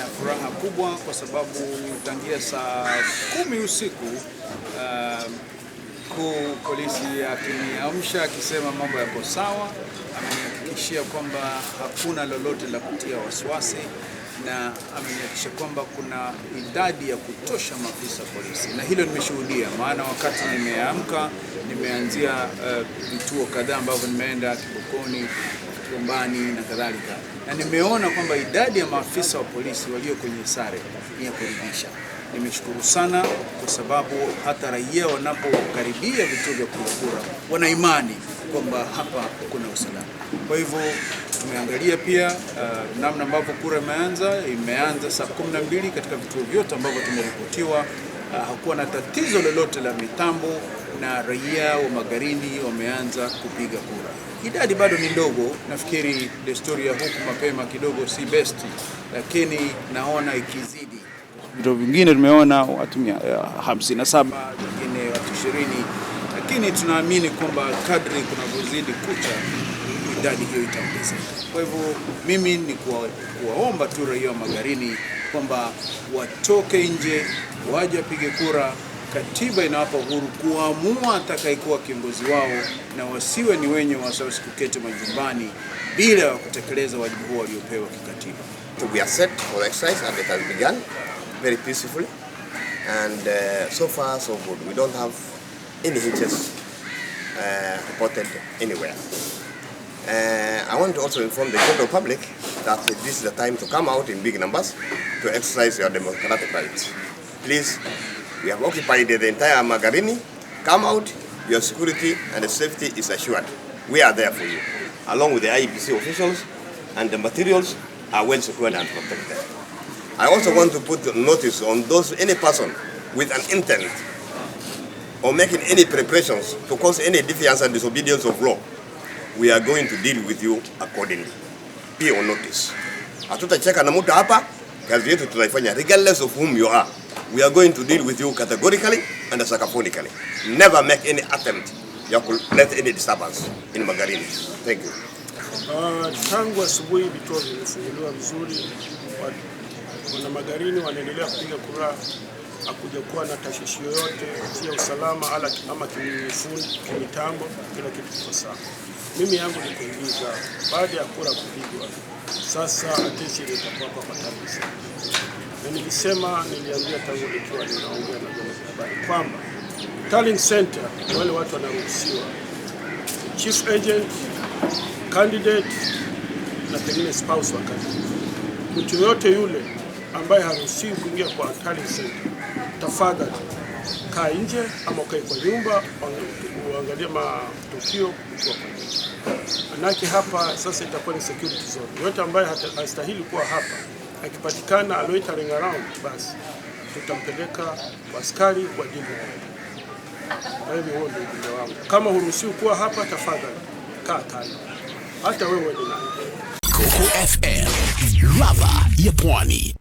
nina furaha kubwa kwa sababu tangia saa kumi usiku uh, kuu polisi akiniamsha akisema mambo yako sawa, amenihakikishia kwamba hakuna lolote la kutia wasiwasi na amenihakikishia kwamba kuna idadi ya kutosha maafisa polisi, na hilo nimeshuhudia. Maana wakati nimeamka nimeanzia uh, vituo uh, kadhaa ambavyo nimeenda Kibokoni nyumbani na kadhalika, na nimeona kwamba idadi ya maafisa wa polisi walio kwenye sare ni ya kuridhisha. Nimeshukuru sana kwa sababu hata raia wanapokaribia vituo vya kupiga kura wana imani kwamba hapa kuna usalama. Kwa hivyo tumeangalia pia uh, namna ambavyo kura imeanza. Imeanza saa 12 katika vituo vyote ambavyo tumeripotiwa. Uh, hakuwa na tatizo lolote la mitambo na raia wa Magarini wameanza kupiga kura. Idadi bado ni ndogo, nafikiri desturi ya huku mapema kidogo si besti, lakini naona ikizidi. Vituo vingine tumeona watu 57 wengine eh, watu 20, lakini tunaamini kwamba kadri kunavyozidi kucha idadi hiyo itaongezeka. Kwa hivyo mimi ni kuwa, kuwaomba tu raia wa Magarini kwamba watoke nje waje wapige kura. Katiba inawapa uhuru kuamua atakayekuwa kiongozi wao, na wasiwe ni wenye wasiwasi kuketi majumbani bila ya kutekeleza wajibu huo waliopewa kikatiba. To be set for exercise and it has begun very peacefully and uh, so far so good we don't have any hitches uh, reported anywhere Uh, I want to also inform the general public that this is the time to come out in big numbers to exercise your democratic rights. Please We have occupied the entire Magarini. Come out, your security and safety is assured. We are there for you, along with the IEPC officials, and the materials are well secured and protected. I also want to put notice on those any person with an intent or making any preparations to cause any defiance and disobedience of law, we are going to deal with you accordingly. Be on notice. Hatutacheka na mtu hapa, kazi yetu tunaifanya regardless of whom you are we are going to deal with you categorically and sarcophonically. Never make any attempt ya kuleta any disturbance in Magarini. Thank you. Uh, tangu asubuhi vituo vimefunguliwa vizuri, wana Magarini wanaendelea kupiga kura, hakuja kuwa na tashishi yoyote ya usalama ala ama kimifundi, kimitambo, kila kitu kiko sawa. Mimi yangu ni kuingiza baada ya kura kupigwa, sasa atishiritakuwa kwa matabisa nilisema, niliambia tangu nikiwa ninaongea na habari kwamba talent center wale watu wanaruhusiwa chief agent, candidate na pengine spouse. Wakati mtu yoyote yule ambaye haruhusiwi kuingia kwa talent center, tafadhali kaa nje ama ukae kwa nyumba, uangalie matukio ukiwa kwa nyumba, manake hapa sasa itakuwa ni security zone. Yote ambaye hastahili kuwa hapa akipatikana Aloita Lengaran basi tutampeleka askari wa jimbo kwa hivyo huo ndio ujumbe wangu. Kama huruhusiwi kuwa hapa, tafadhali kaa kando, hata wewe ni nani. Coco FM, ladha ya Pwani.